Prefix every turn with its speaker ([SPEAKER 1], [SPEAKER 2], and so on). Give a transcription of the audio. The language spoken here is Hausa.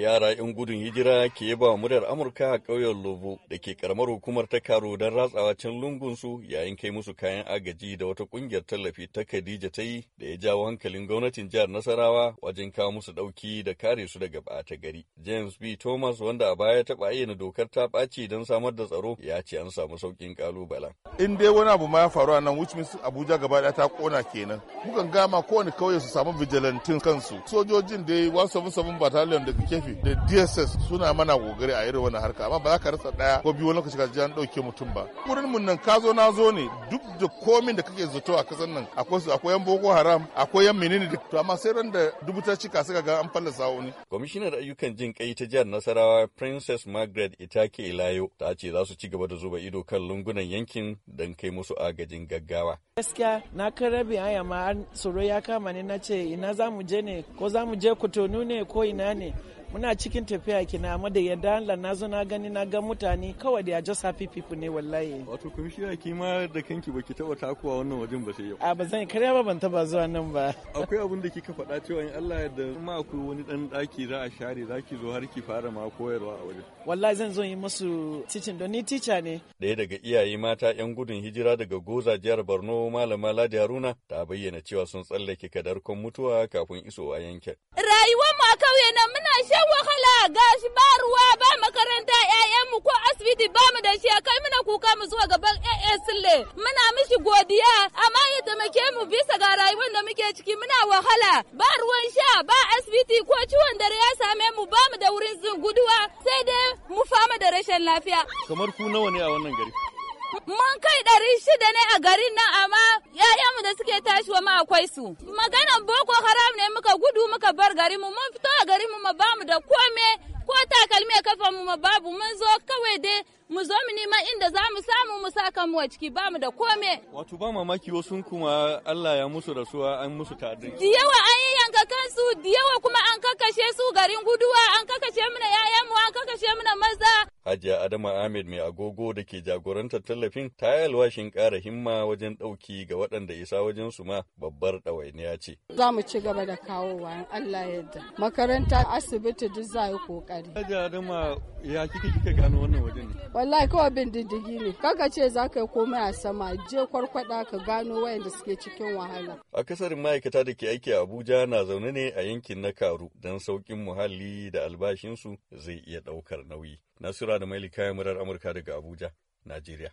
[SPEAKER 1] yara 'yan gudun hijira ke ba muryar Amurka a ƙauyen Lobo da ke karamar hukumar ta karo don ratsawa can lungunsu yayin kai musu kayan agaji da wata ƙungiyar tallafi ta Khadija ta yi da ya jawo hankalin gwamnatin jihar Nasarawa wajen kawo musu ɗauki da kare su daga ɓata gari. James B. Thomas wanda a baya ta ayyana dokar ta ɓaci don samar da tsaro ya ce an samu sauƙin ƙalubalen.
[SPEAKER 2] In dai wani abu ma ya faru a nan which means Abuja gaba ɗaya ta ƙona kenan. Mukan gama kowane kauye su samu vigilantin kansu. Sojojin dai 177 battalion daga kefi rufe da dss suna mana gogari a irin wani harka amma ba za ka rasa daya ko biyu wani lokaci ka ji an dauke mutum ba wurin mun nan ka zo na zo ne duk da komin da kake zato a kasan nan akwai su akwai yan boko haram akwai yan menene duk to amma sai ran da dubuta cika suka ga an fallasa wani
[SPEAKER 1] kwamishinar ayyukan jin kai ta jihar nasarawa princess margaret itake ilayo ta ce za su ci gaba da zuba ido kan lungunan yankin don kai musu agajin gaggawa
[SPEAKER 2] gaskiya na kan rabi aya ma tsoro ya kama ne na ce ina za mu je ne ko za mu je kotonu ne ko ina ne muna cikin tafiya kina amma da yadda Allah na zo na gani na ga mutane kawai da just happy people ne wallahi wato
[SPEAKER 1] kun shi ki ma da kanki baki taba takuwa wannan wajen ba sai yau a ba zan kare ba ban taba zuwa nan ba akwai abin da kika faɗa cewa in Allah da ma akwai wani dan daki
[SPEAKER 2] za a share zaki zo har ki fara ma koyarwa a wajen wallahi zan zo yi musu teaching don ni teacher ne
[SPEAKER 1] daya daga iyaye mata yan gudun hijira daga Goza jihar Borno malama Ladi Haruna ta bayyana cewa sun tsallake kadarkon mutuwa kafin isowa yankin
[SPEAKER 3] rayuwar mu a kauye nan muna shan wahala gashi ba ruwa ba makaranta mu ko asibiti ba mu da shi kai muna kuka mu zuwa gaban AA Sule muna mishi godiya amma ya taimake mu bisa ga rayuwar da muke ciki muna wahala ba ruwan sha ba asibiti ko ciwon dare ya same mu ba mu da wurin zin guduwa sai dai mu fama da rashin lafiya
[SPEAKER 1] kamar ku nawa ne a wannan gari
[SPEAKER 3] Mun kai ɗari shida ne a garin nan amma ‘ya'yanmu da suke tashiwa ma akwai su. Maganan Boko Haram ne muka gudu muka bar garinmu mun fito a garinmu ma mu da kome ko takalmi a kafanmu ma babu mun zo kawai dai mu zo mu neman inda za mu samu mu sa kanmu a ciki ba mu da kome.
[SPEAKER 1] Wato ba mamaki wasu kuma Allah ya musu rasuwa an musu yawa
[SPEAKER 3] an yi yanka kansu da yawa kuma an kakashe su garin guduwa an kakashe mana 'ya'yanmu an kakashe mana maza.
[SPEAKER 1] Hajiya Adama Ahmed mai agogo da ke jagorantar tallafin ta yi alwashin ƙara himma wajen ɗauki ga waɗanda isa wajen su ma babbar ɗawainiya ce.
[SPEAKER 3] Za mu ci gaba da kawowa in Allah yadda. Makaranta asibiti duk za yi ƙoƙari.
[SPEAKER 1] Hajiya Adama ya kika kika gano wannan wajen ne?
[SPEAKER 3] Wallahi kawai bin diddigi ne. Kaka ce za ka yi komai a sama je kwarkwada ka gano wayanda suke cikin
[SPEAKER 1] wahala. Akasarin ma'aikata da ke aiki a Abuja na zaune ne a yankin na Karu don sauƙin muhalli da albashinsu zai iya ɗaukar nauyi. Nasura da Maili kayan murar Amurka daga Abuja, Najeriya.